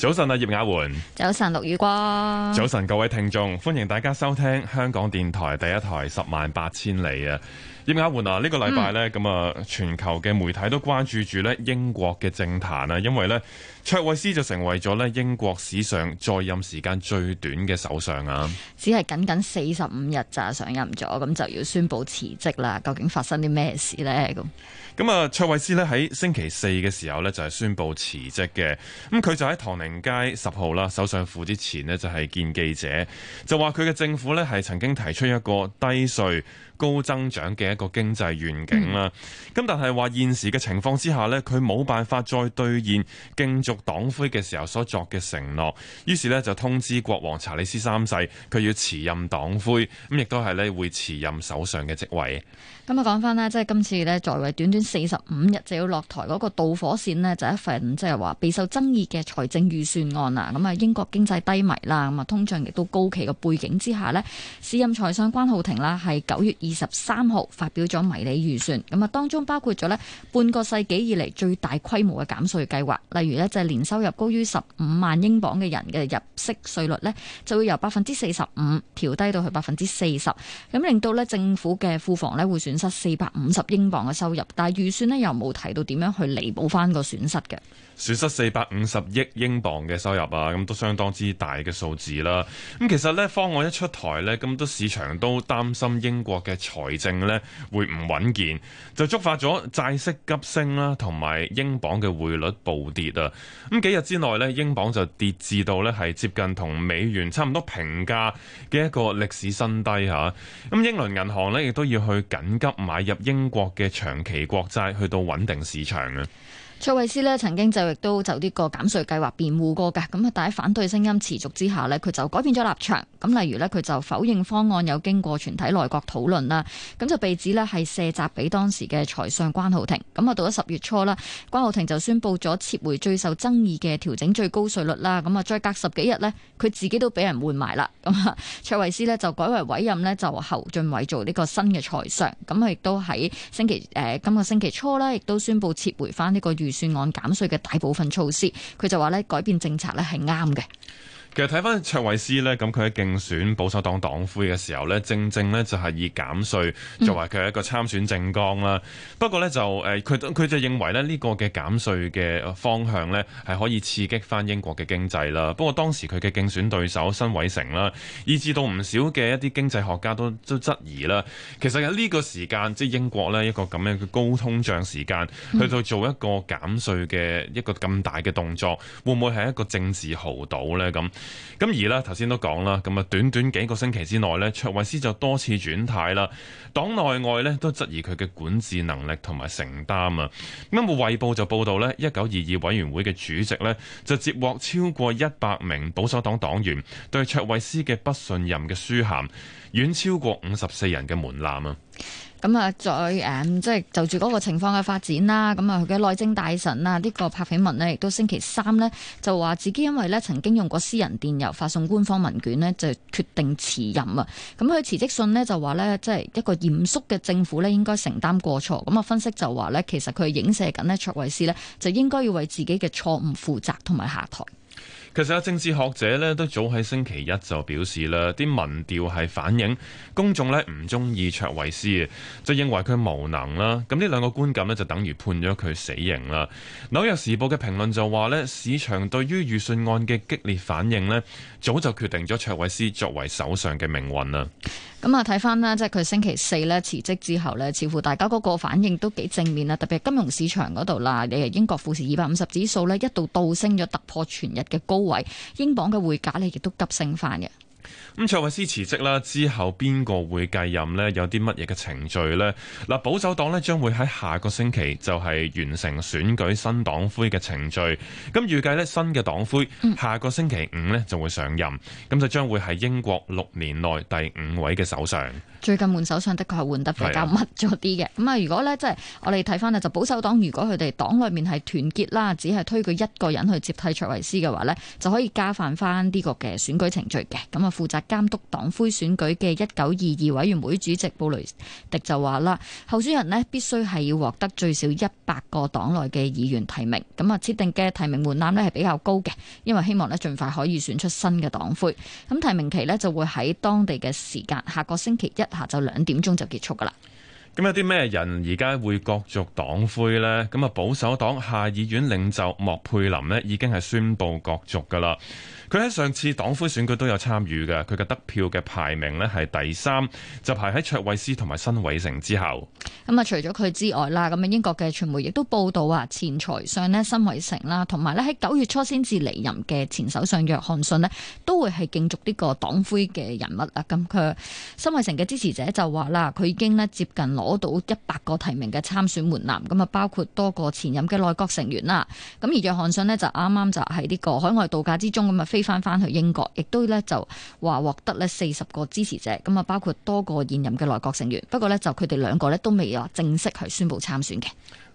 早晨啊，葉雅媛。早晨，陸宇光。早晨，各位聽眾，歡迎大家收聽香港電台第一台十萬八千里啊！葉雅媛啊，呢、這個禮拜呢，咁、嗯、啊，全球嘅媒體都關注住咧英國嘅政壇啊，因為呢，卓慧思就成為咗咧英國史上在任時間最短嘅首相啊！只係僅僅四十五日咋上任咗，咁就要宣布辭職啦？究竟發生啲咩事呢？咁？咁啊，卓慧思呢喺星期四嘅時候呢，就係宣布辭職嘅。咁佢就喺唐寧街十號啦，首相府之前呢，就係見記者，就話佢嘅政府呢，係曾經提出一個低稅高增長嘅一個經濟願景啦。咁但係話現時嘅情況之下呢，佢冇辦法再兌現競逐黨魁嘅時候所作嘅承諾，於是呢，就通知國王查理斯三世佢要辭任黨魁，咁亦都係呢會辭任首相嘅職位。咁啊，講翻咧，即係今次咧，在位短短四十五日就要落台嗰個導火線咧，就係一份即係話備受爭議嘅財政預算案啊。咁啊，英國經濟低迷啦，咁啊，通脹亦都高企嘅背景之下咧，時任財相關浩庭啦，係九月二十三號發表咗迷你預算。咁啊，當中包括咗咧半個世紀以嚟最大規模嘅減稅計劃，例如咧就係年收入高於十五萬英鎊嘅人嘅入息稅率咧，就會由百分之四十五調低到去百分之四十，咁令到咧政府嘅庫房咧會損。失四百五十英鎊嘅收入，但係預算咧又冇提到點樣去彌補翻個損失嘅，損失四百五十億英鎊嘅收入啊，咁都相當之大嘅數字啦。咁其實咧方案一出台咧，咁都市場都擔心英國嘅財政咧會唔穩健，就觸發咗債息急升啦，同埋英鎊嘅匯率暴跌啊。咁幾日之內咧，英鎊就跌至到咧係接近同美元差唔多平價嘅一個歷史新低吓。咁英倫銀行咧亦都要去緊急。買入英國嘅長期國債，去到穩定市場啊。卓慧思咧曾經就亦都就呢個減稅計劃辯護過嘅，咁啊，但喺反對聲音持續之下呢，佢就改變咗立場。咁例如呢，佢就否認方案有經過全體內閣討論啦。咁就被指呢係卸責俾當時嘅財相關浩庭。咁啊，到咗十月初啦，關浩庭就宣布咗撤回最受爭議嘅調整最高稅率啦。咁啊，再隔十幾日呢，佢自己都俾人換埋啦。咁啊，卓慧思呢就改為委任呢，就侯俊偉做呢個新嘅財相。咁啊，亦都喺星期誒今個星期初啦，亦都宣布撤回翻、這、呢個預。預算案減稅嘅大部分措施，佢就話咧改變政策咧係啱嘅。其實睇翻，卓慧思呢，咁佢喺競選保守黨黨魁嘅時候呢，正正呢就係以減稅作為佢一個參選政綱啦、嗯。不過呢就誒，佢佢就認為呢呢個嘅減稅嘅方向呢係可以刺激翻英國嘅經濟啦。不過當時佢嘅競選對手辛偉誠啦，以至到唔少嘅一啲經濟學家都都質疑啦。其實喺呢個時間，即係英國呢一個咁樣嘅高通脹時間，去到做一個減稅嘅一個咁大嘅動作，會唔會係一個政治豪賭呢咁咁而啦頭先都講啦，咁啊短短幾個星期之內呢卓慧思就多次轉態啦，黨內外呢都質疑佢嘅管治能力同埋承擔啊。咁啊，衛報就報道呢一九二二委員會嘅主席呢就接獲超過一百名保守黨黨員對卓慧思嘅不信任嘅書函，遠超過五十四人嘅門檻啊。咁、嗯、啊，再誒、即、嗯、係就住、是、嗰個情況嘅發展啦。咁啊，佢嘅內政大臣啊，這個、柏呢個柏斐文咧，亦都星期三咧就話自己因為咧曾經用過私人電郵發送官方文卷咧，就決定辭任啊。咁佢辭職信咧就話咧，即、就、係、是、一個嚴肅嘅政府咧應該承擔過錯，咁啊，分析就話咧，其實佢影射緊咧卓慧思咧，就應該要為自己嘅錯誤負責同埋下台。其實政治學者咧都早喺星期一就表示啦，啲民調係反映公眾咧唔中意卓慧思就認為佢無能啦。咁呢兩個觀感呢就等於判咗佢死刑啦。紐約時報嘅評論就話呢，市場對於預算案嘅激烈反應呢，早就決定咗卓慧思作為首相嘅命運啦。咁啊，睇翻啦，即係佢星期四咧辭職之後咧，似乎大家嗰個反應都幾正面啦，特別係金融市場嗰度啦。誒，英國富時二百五十指數咧一度倒升咗突破全日嘅高位，英鎊嘅匯價咧亦都急升翻嘅。咁卓慧思辭職啦，之後邊個會繼任呢？有啲乜嘢嘅程序呢？嗱，保守黨呢將會喺下個星期就係完成選舉新黨魁嘅程序。咁預計呢，新嘅黨魁下個星期五呢就會上任。咁就將會係英國六年內第五位嘅首相。最近換首相的確係換得比較密咗啲嘅，咁啊，如果咧即係我哋睇翻咧，就保守黨如果佢哋黨內面係團結啦，只係推舉一個人去接替卓慧思嘅話呢，就可以加快翻呢個嘅選舉程序嘅。咁啊，負責監督黨魁選舉嘅一九二二委員會主席布雷迪就話啦，候選人呢，必須係要獲得最少一百個黨內嘅議員提名。咁啊，設定嘅提名門檻呢係比較高嘅，因為希望呢盡快可以選出新嘅黨魁。咁提名期呢，就會喺當地嘅時間下個星期一。下晝兩點鐘就結束噶啦。咁有啲咩人而家會角逐黨魁呢？咁啊，保守黨下議院領袖莫佩林呢已經係宣佈角逐噶啦。佢喺上次黨魁選舉都有參與嘅，佢嘅得票嘅排名呢係第三，就排喺卓慧思同埋辛偉誠之後。咁啊，除咗佢之外啦，咁啊英國嘅傳媒亦都報道啊。前財相呢，辛偉誠啦，同埋呢喺九月初先至離任嘅前首相約翰遜呢，都會係競逐呢個黨魁嘅人物啊。咁佢辛偉誠嘅支持者就話啦，佢已經呢接近攞到一百個提名嘅參選門檻，咁啊包括多個前任嘅內閣成員啦。咁而約翰遜呢，就啱啱就喺呢個海外度假之中咁啊翻翻去英國，亦都咧就話獲得咧四十個支持者，咁啊包括多個現任嘅內閣成員。不過咧就佢哋兩個咧都未正式去宣布參選嘅。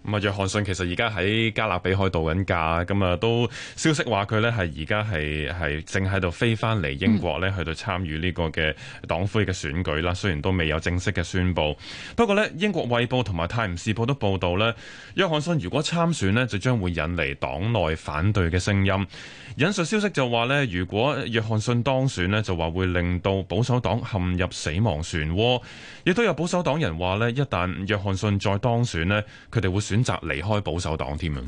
咁啊，約翰遜其實而家喺加勒比海度緊假，咁啊都消息話佢咧係而家係係正喺度飛翻嚟英國呢，去到參與呢個嘅黨魁嘅選舉啦。雖然都未有正式嘅宣布，不過呢英國衛報同埋泰晤士報都報道呢，約翰遜如果參選呢，就將會引嚟黨內反對嘅聲音。引述消息就話呢，如果約翰遜當選呢，就話會令到保守黨陷入死亡漩渦。亦都有保守黨人話呢，一旦約翰遜再當選呢，佢哋會選。選擇離開保守黨添啊！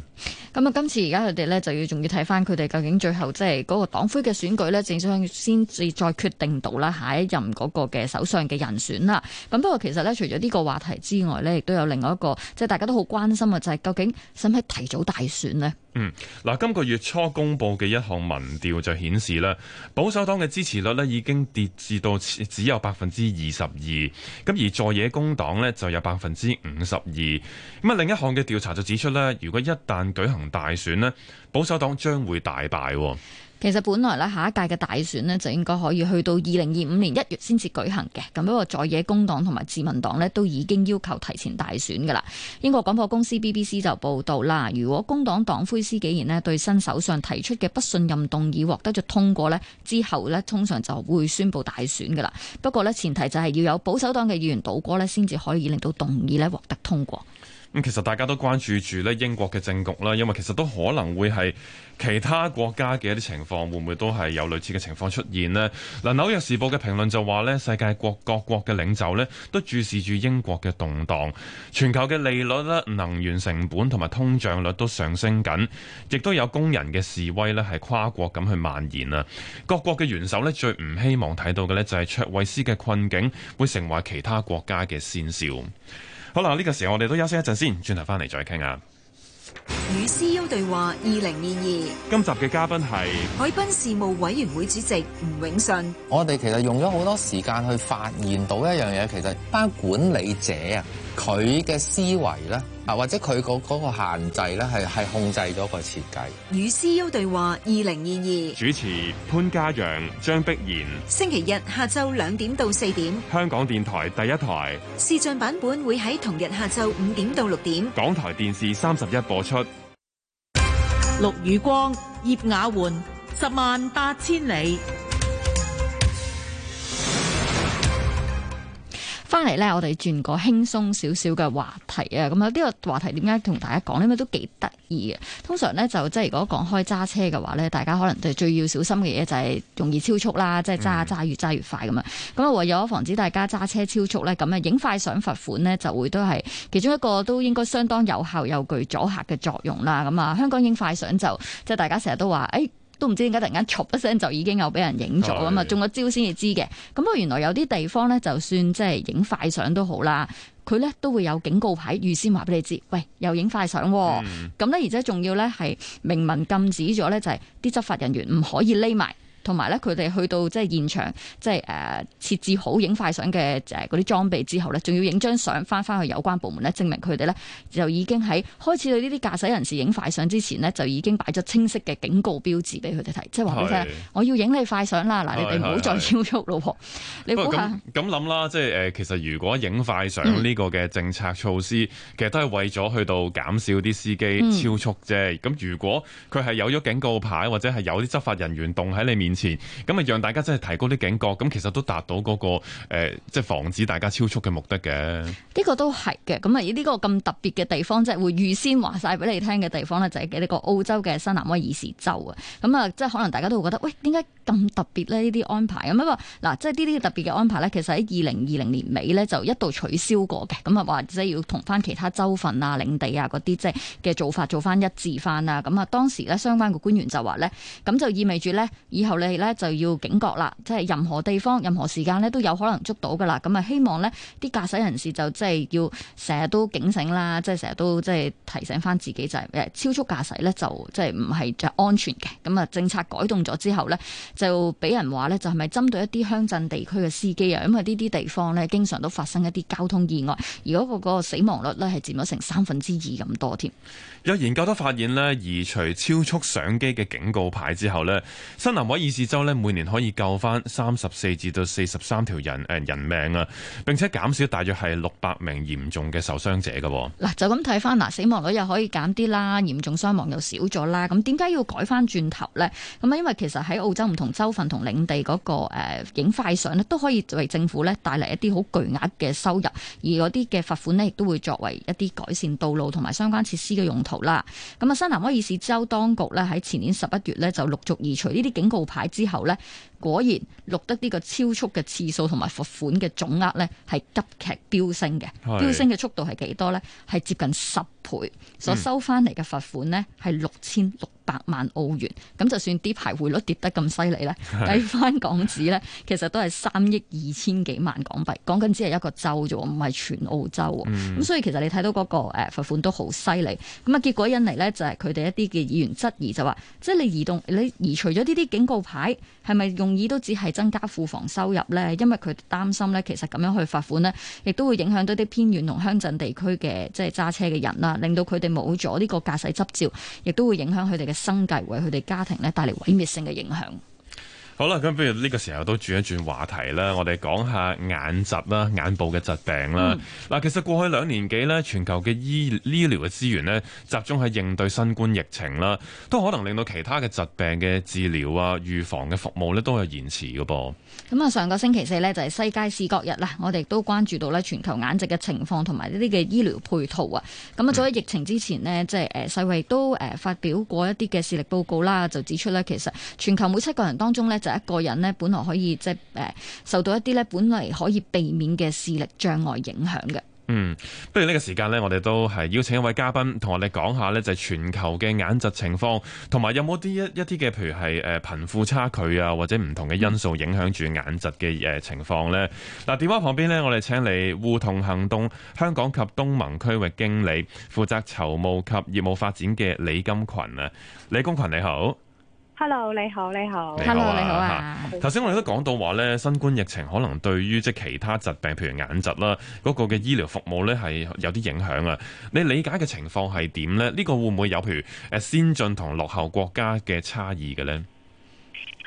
咁啊，今次而家佢哋咧就要仲要睇翻佢哋究竟最後即係嗰個黨魁嘅選舉咧，正想先至再決定到啦下一任嗰個嘅首相嘅人選啦。咁不過其實咧，除咗呢個話題之外咧，亦都有另外一個即係大家都好關心啊，就係、是、究竟使唔使提早大選咧？嗯，嗱，今個月初公布嘅一項民調就顯示咧，保守黨嘅支持率咧已經跌至到只有百分之二十二，咁而在野工黨咧就有百分之五十二。咁啊，另一項。調查就指出咧，如果一旦舉行大選呢，保守黨將會大敗。其實本來咧，下一屆嘅大選呢，就應該可以去到二零二五年一月先至舉行嘅。咁不過，在野工黨同埋自民黨呢，都已經要求提前大選噶啦。英國廣播公司 BBC 就報道啦，如果工黨黨魁施紀賢呢對新首相提出嘅不信任動議獲得咗通過呢，之後呢通常就會宣布大選噶啦。不過呢，前提就係要有保守黨嘅議員倒戈呢，先至可以令到動議呢獲得通過。其實大家都關注住咧英國嘅政局啦，因為其實都可能會係其他國家嘅一啲情況，會唔會都係有類似嘅情況出現呢？嗱，《紐約時報》嘅評論就話呢，世界各各國嘅領袖呢都注視住英國嘅動盪，全球嘅利率、能源成本同埋通脹率都上升緊，亦都有工人嘅示威咧係跨國咁去蔓延啊！各國嘅元首呢最唔希望睇到嘅呢，就係卓慧思嘅困境會成為其他國家嘅先兆。好啦，呢、這個時候我哋都休息一陣先，轉頭翻嚟，再傾下。與 CEO 對話二零二二，今集嘅嘉賓係海濱事務委員會主席吳永信。我哋其實用咗好多時間去發現到一樣嘢，其實班管理者啊。佢嘅思維咧，啊，或者佢嗰個限制咧，係係控制咗個設計。與 CEO 對話二零二二，主持潘嘉揚、張碧然。星期日下晝兩點到四點，香港電台第一台視像版本會喺同日下晝五點到六點，港台電視三十一播出。陸雨光、葉雅媛，十萬八千里。翻嚟咧，我哋轉個輕鬆少少嘅話題啊！咁啊，呢個話題點解同大家講呢？咩都幾得意嘅。通常咧，就即係如果講開揸車嘅話咧，大家可能就最要小心嘅嘢就係容易超速啦，即係揸揸越揸越，越快咁啊！咁啊，為咗防止大家揸車超速咧，咁啊影快相罰款咧，就會都係其中一個都應該相當有效又具阻嚇嘅作用啦。咁啊，香港影快相就即係、就係、大家成日都話誒都唔知點解突然間嘈一聲就已經有俾人影咗咁啊，中咗招先至知嘅。咁啊，原來有啲地方咧，就算即係影快相都好啦，佢咧都會有警告牌預先話俾你知，喂，又影快相啊。咁咧，而且仲要咧係明文禁止咗咧，就係啲執法人員唔可以匿埋。同埋咧，佢哋去到即係現場，即係誒設置好影快相嘅誒嗰啲裝備之後咧，仲要影張相翻翻去有關部門咧，證明佢哋咧就已經喺開始對呢啲駕駛人士影快相之前咧，就已經擺咗清晰嘅警告標誌俾佢哋睇，即係話俾佢聽，我要影你快相啦，嗱，你哋唔好再超速咯。你估下？咁諗啦，即係誒其實如果影快相呢個嘅政策措施，嗯、其實都係為咗去到減少啲司機、嗯、超速啫。咁如果佢係有咗警告牌，或者係有啲執法人員動喺你面前。前咁啊，讓大家真係提高啲警覺，咁其實都達到嗰個、呃、即係防止大家超速嘅目的嘅。呢個都係嘅。咁啊，呢個咁特別嘅地方，即係會預先話晒俾你聽嘅地方咧，就係呢個澳洲嘅新南威爾士州啊。咁啊，即係可能大家都會覺得，喂，點解咁特別咧？呢啲安排咁啊？嗱，即係呢啲特別嘅安排咧，其實喺二零二零年尾咧，就一度取消過嘅。咁啊，話即係要同翻其他州份啊、領地啊嗰啲即係嘅做法做翻一致翻啊。咁啊，當時咧，相關嘅官員就話咧，咁就意味住咧，以後咧。係咧就要警覺啦，即係任何地方、任何時間咧都有可能捉到噶啦。咁啊，希望呢啲駕駛人士就即係要成日都警醒啦，即係成日都即係提醒翻自己就係誒超速駕駛咧就即係唔係着安全嘅。咁啊，政策改動咗之後呢，就俾人話呢，就係咪針對一啲鄉鎮地區嘅司機啊？因為呢啲地方呢，經常都發生一啲交通意外，而嗰個嗰個死亡率呢，係佔咗成三分之二咁多添。有研究都發現呢，移除超速相機嘅警告牌之後呢。新南威爾。威爾士州每年可以救翻三十四至到四十三條人誒人命啊，並且減少大約係六百名嚴重嘅受傷者㗎。嗱，就咁睇翻嗱，死亡率又可以減啲啦，嚴重傷亡又少咗啦，咁點解要改翻轉頭呢？咁啊，因為其實喺澳洲唔同州份同領地嗰、那個誒、呃、影快相都可以為政府呢帶嚟一啲好巨額嘅收入，而嗰啲嘅罰款呢亦都會作為一啲改善道路同埋相關設施嘅用途啦。咁啊，新南威爾士州當局呢，喺前年十一月呢就陸續移除呢啲警告牌。之後咧，果然錄得呢個超速嘅次數同埋罰款嘅總額咧，係急劇飆升嘅，飆升嘅速度係幾多咧？係接近十。所收翻嚟嘅罰款呢係六千六百萬澳元。咁、嗯、就算啲牌匯率跌得咁犀利咧，計 翻港紙咧，其實都係三億二千幾萬港幣。講緊只係一個州啫，唔係全澳洲。咁、嗯、所以其實你睇到嗰個誒罰款都好犀利。咁啊，結果引嚟咧就係佢哋一啲嘅議員質疑就話，即、就、係、係、你移動你移除咗呢啲警告牌，係咪用意都只係增加庫房收入咧？因為佢擔心咧，其實咁樣去罰款咧，亦都會影響到啲偏遠同鄉鎮地區嘅即係揸車嘅人啦。令到佢哋冇咗呢個駕駛執照，亦都會影響佢哋嘅生計，為佢哋家庭咧帶嚟毀滅性嘅影響。好啦，咁不如呢個時候都轉一轉話題啦，我哋講下眼疾啦、眼部嘅疾病啦。嗱、嗯，其實過去兩年幾呢，全球嘅醫醫療嘅資源呢，集中喺應對新冠疫情啦，都可能令到其他嘅疾病嘅治療啊、預防嘅服務呢都有延遲㗎噃。咁啊，上個星期四呢，就係世界視覺日啦，我哋都關注到呢，全球眼疾嘅情況同埋呢啲嘅醫療配套啊。咁、嗯、啊，早喺疫情之前呢，即係誒世衞都誒發表過一啲嘅視力報告啦，就指出呢，其實全球每七個人當中呢，一個人呢，本來可以即係誒，受到一啲呢，本嚟可以避免嘅視力障礙影響嘅。嗯，不如呢個時間呢，我哋都係邀請一位嘉賓，同我哋講下呢，就係全球嘅眼疾情況，同埋有冇啲一一啲嘅，譬如係誒貧富差距啊，或者唔同嘅因素影響住眼疾嘅誒情況呢。嗱、嗯、電、啊、話旁邊呢，我哋請嚟護瞳行動香港及東盟區域經理，負責籌募及業務發展嘅李金群啊，李金群你好。hello 你好你好，hello 你好啊！頭先、啊啊啊、我哋都講到話咧，新冠疫情可能對於即係其他疾病，譬如眼疾啦，嗰、那個嘅醫療服務咧係有啲影響啊！你理解嘅情況係點咧？呢、這個會唔會有譬如誒先進同落後國家嘅差異嘅咧？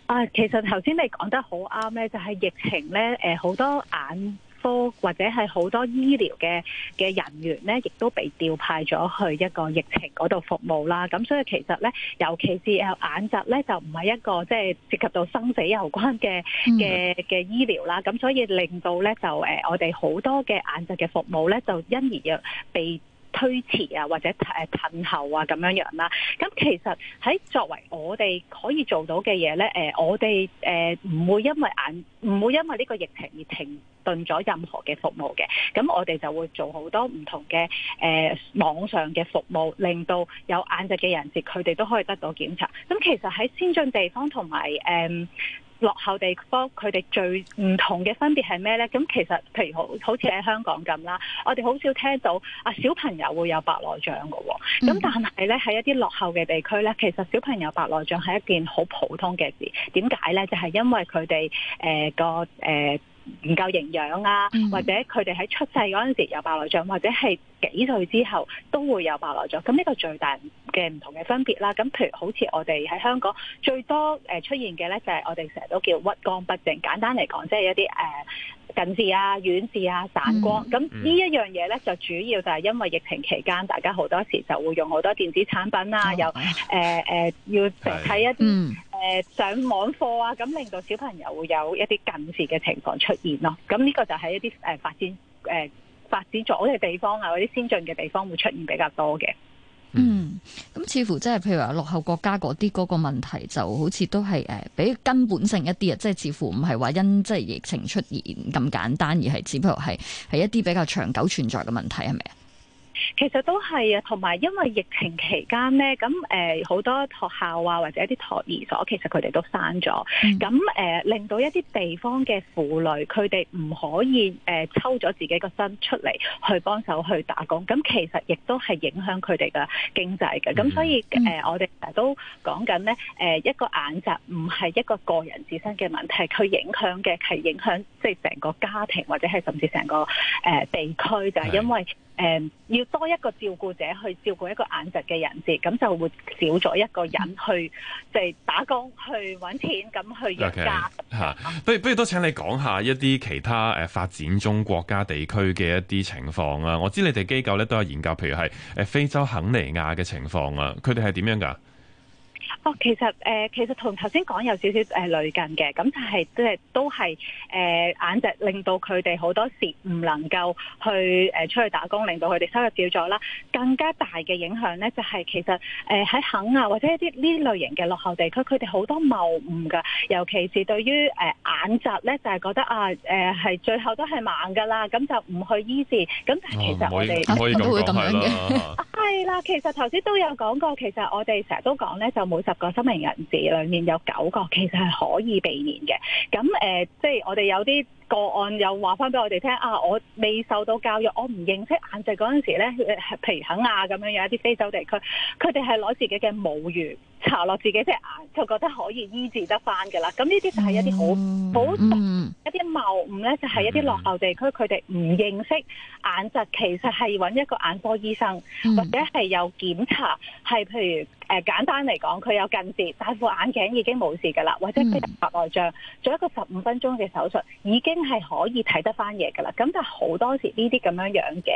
啊，其實頭先你講得好啱咧，就係、是、疫情咧，誒 好多眼。科或者係好多醫療嘅嘅人員咧，亦都被調派咗去一個疫情嗰度服務啦。咁所以其實咧，尤其是啊眼疾咧，就唔係一個即係、就是、涉及到生死有關嘅嘅嘅醫療啦。咁所以令到咧就誒，我哋好多嘅眼疾嘅服務咧，就因而要被。推遲啊，或者誒噴後啊咁樣樣啦。咁其實喺作為我哋可以做到嘅嘢呢，誒我哋誒唔會因為眼唔會因為呢個疫情而停頓咗任何嘅服務嘅。咁我哋就會做好多唔同嘅誒網上嘅服務，令到有眼疾嘅人士佢哋都可以得到檢查。咁其實喺先進地方同埋誒。嗯落後地方佢哋最唔同嘅分別係咩呢？咁其實譬如好好似喺香港咁啦，我哋好少聽到啊小朋友會有白內障㗎喎。咁但係呢，喺一啲落後嘅地區呢，其實小朋友白內障係一件好普通嘅事。點解呢？就係、是、因為佢哋誒個誒。呃唔夠營養啊，或者佢哋喺出世嗰陣時有白內障，或者係幾歲之後都會有白內障。咁呢個最大嘅唔同嘅分別啦。咁譬如好似我哋喺香港最多誒出現嘅咧，就係我哋成日都叫屈光不正。簡單嚟講，即係一啲誒。近視啊、遠視啊、散光，咁、嗯、呢一樣嘢咧就主要就係因為疫情期間，大家好多時就會用好多電子產品啊，又誒誒要睇一啲誒、呃、上網課啊，咁令到小朋友會有一啲近視嘅情況出現咯、啊。咁呢個就係一啲誒發展誒、呃、發展咗嘅地方啊，或者先進嘅地方會出現比較多嘅。嗯。咁似乎即係譬如話落後國家嗰啲嗰個問題就好似都係誒比根本性一啲啊，即係似乎唔係話因即係疫情出現咁簡單，而係只不過係係一啲比較長久存在嘅問題係咪啊？是。其實都係啊，同埋因為疫情期間咧，咁誒好多學校啊，或者一啲托兒所，其實佢哋都閂咗。咁、嗯、誒、呃、令到一啲地方嘅婦女，佢哋唔可以誒、呃、抽咗自己個身出嚟去幫手去打工，咁其實亦都係影響佢哋嘅經濟嘅。咁、嗯、所以誒、嗯呃，我哋都講緊咧，誒、呃、一個眼疾唔係一個個人自身嘅問題，佢影響嘅係影響即係成個家庭或者係甚至成個誒、呃、地區，就係因為。誒、嗯，要多一個照顧者去照顧一個眼疾嘅人士，咁就會少咗一個人去即係、就是、打工去搵錢，咁去養家吓。不如不如都請你講下一啲其他誒發展中國家地區嘅一啲情況啊！我知你哋機構咧都有研究，譬如係誒非洲肯尼亞嘅情況啊，佢哋係點樣噶？哦，其實誒、呃，其實同頭先講有少少誒類近嘅，咁但係即都係誒、呃、眼疾，令到佢哋好多時唔能夠去誒、呃、出去打工，令到佢哋收入少咗啦。更加大嘅影響咧，就係、是、其實誒喺、呃、肯亞或者一啲呢類型嘅落後地區，佢哋好多謬誤噶，尤其是對於誒、呃、眼疾咧，就係、是、覺得啊誒係最後都係盲噶啦，咁就唔去醫治。咁但係其實我哋都、哦、會咁樣嘅，係、 啊、啦。其實頭先都有講過，其實我哋成日都講咧，就每次十個失明人士裏面有九個，其實係可以避免嘅，咁誒，呃，即係我哋有啲。個案又話翻俾我哋聽啊，我未受到教育，我唔認識眼疾嗰陣時咧，皮肯亞咁樣有一啲非洲地區，佢哋係攞自己嘅母乳搽落自己隻眼，就覺得可以醫治得翻㗎啦。咁呢啲就係一啲好好一啲謬誤咧、嗯，就係、是、一啲落後地區佢哋唔認識眼疾，其實係揾一個眼科醫生或者係有檢查，係譬如誒、呃、簡單嚟講，佢有近視戴副眼鏡已經冇事㗎啦，或者佢白內障做一個十五分鐘嘅手術已經。係可以睇得返嘢噶啦，咁但係好多時呢啲咁樣樣嘅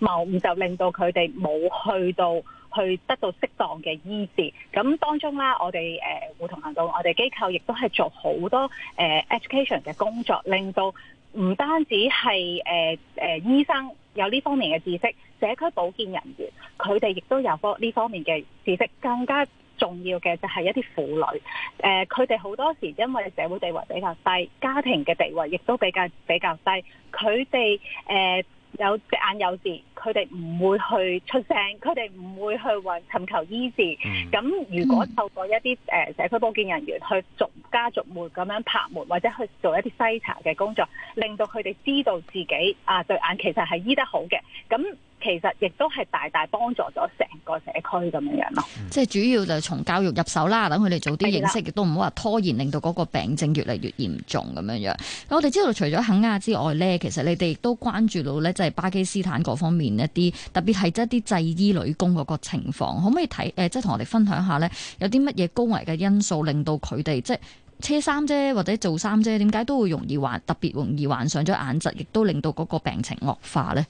謬誤就令到佢哋冇去到去得到適當嘅醫治，咁當中啦，我哋誒護瞳行動，我哋機構亦都係做好多誒 education 嘅工作，令到唔單止係誒誒醫生有呢方面嘅知識，社區保健人員佢哋亦都有科呢方面嘅知識，更加。重要嘅就係一啲婦女，誒佢哋好多時因為社會地位比較低，家庭嘅地位亦都比較比較低，佢哋、呃、有隻眼有事，佢哋唔會去出聲，佢哋唔會去尋求醫治。咁、嗯、如果透過一啲、呃、社區保健人員去逐家逐門咁樣拍門，或者去做一啲篩查嘅工作，令到佢哋知道自己啊對眼其實係醫得好嘅，咁。其實亦都係大大幫助咗成個社區咁樣樣咯，即、嗯、係主要就從教育入手啦，等佢哋早啲認識，亦都唔好話拖延，令到嗰個病症越嚟越嚴重咁樣樣。我哋知道除咗肯亞之外呢，其實你哋亦都關注到呢，即係巴基斯坦嗰方面一啲，特別係即啲製衣女工嗰個情況，可唔可以睇誒、呃，即係同我哋分享下呢，有啲乜嘢高危嘅因素令到佢哋即係車衫啫或者做衫啫，點解都會容易患特別容易患上咗眼疾，亦都令到嗰個病情惡化呢？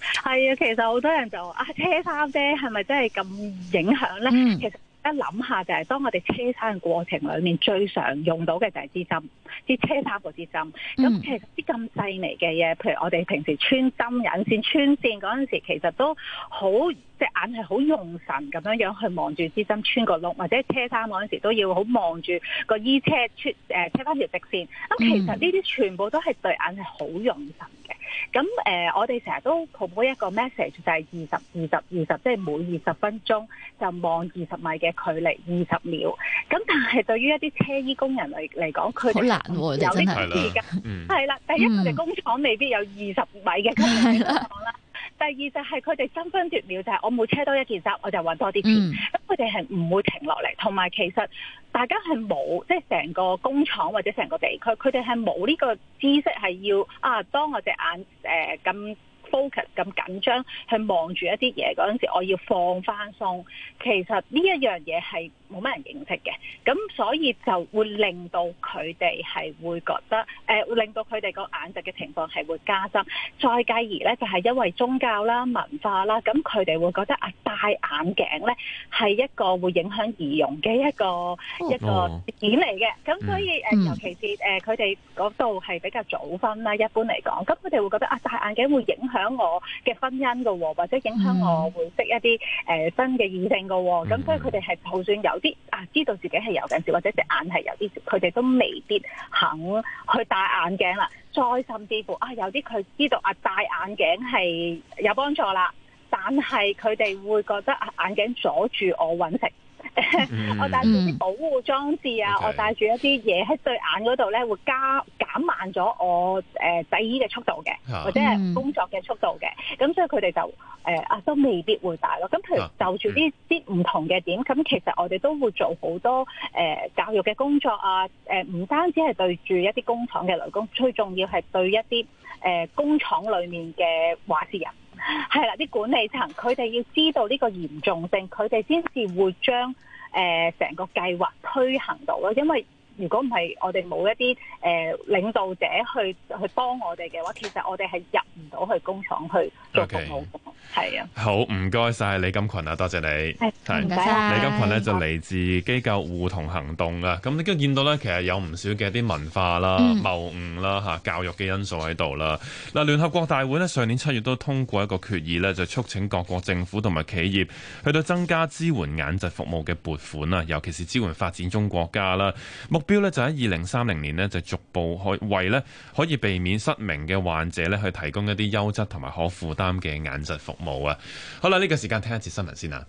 係啊，其實好多人就啊，車衫啫，係咪真係咁影響咧、嗯？其實一諗下就係，當我哋車衫嘅過程裏面，最常用到嘅就係支針，啲車衫個支針。咁、嗯、其實啲咁細微嘅嘢，譬如我哋平時穿針引線穿線嗰陣時，其實都好隻眼係好用神咁樣樣去望住支針穿個窿，或者車衫嗰陣時都要好望住個衣車出誒、呃、車翻條直線。咁其實呢啲全部都係對眼係好用神的。咁誒、呃，我哋成日都鋪開一個 message，就係二十二十二十，即係每二十分鐘就望二十米嘅距離二十秒。咁但係對於一啲車衣工人嚟嚟講，佢好難喎、啊，有啲距離係啦。第一，我哋工廠未必有二十米嘅距離。第二就係佢哋爭分奪秒，就係、是、我每車多一件衫，我就揾多啲錢。咁佢哋係唔會停落嚟，同埋其實大家係冇，即係成個工廠或者成個地區，佢哋係冇呢個知識係要啊。當我隻眼誒咁。呃這樣 focus 咁緊張，去望住一啲嘢嗰陣時，我要放翻鬆。其實呢一樣嘢係冇乜人認識嘅，咁所以就會令到佢哋係會覺得，誒會令到佢哋個眼疾嘅情況係會加深。再繼而咧，就係因為宗教啦、文化啦，咁佢哋會覺得啊，戴眼鏡咧係一個會影響儀容嘅一個一個點嚟嘅。咁所以誒，尤其是誒佢哋嗰度係比較早婚啦，一般嚟講，咁佢哋會覺得啊，戴眼鏡會影響。影響我嘅婚姻嘅喎、哦，或者影響我會識一啲誒、呃、新嘅異性嘅喎、哦，咁所以佢哋係就算有啲啊知道自己係有近視，或者隻眼係有啲，佢哋都未必肯去戴眼鏡啦。再甚至乎啊，有啲佢知道啊戴眼鏡係有幫助啦，但係佢哋會覺得眼鏡阻住我搵食。 我帶住啲保護裝置啊，okay. 我帶住一啲嘢喺對眼嗰度咧，會加減慢咗我誒製、呃、衣嘅速度嘅，或者係工作嘅速度嘅。咁所以佢哋就誒啊、呃、都未必會戴咯。咁譬如就住啲啲唔同嘅點，咁 其實我哋都會做好多誒、呃、教育嘅工作啊。誒、呃、唔單止係對住一啲工廠嘅女工，最重要係對一啲誒、呃、工廠裏面嘅話事人。係啦，啲管理層佢哋要知道呢個嚴重性，佢哋先至會將誒成個計劃推行到咯，因為。如果唔係，我哋冇一啲誒、呃、領導者去去幫我哋嘅話，其實我哋係入唔到去工廠去做，okay. 啊。好，唔該晒，李金群啊，多謝你。唔該。李金群呢就嚟自機構護瞳行動啊。咁你今日見到呢，其實有唔少嘅一啲文化啦、謬誤啦、吓教育嘅因素喺度啦。嗱，聯合國大會呢，上年七月都通過一個決議呢，就促請各國政府同埋企業去到增加支援眼疾服務嘅撥款啊，尤其是支援發展中國家啦。目目標咧，就喺二零三零年呢，就逐步可為咧，可以避免失明嘅患者咧，去提供一啲優質同埋可負擔嘅眼疾服務啊！好啦，呢個時間聽一次新聞先啊。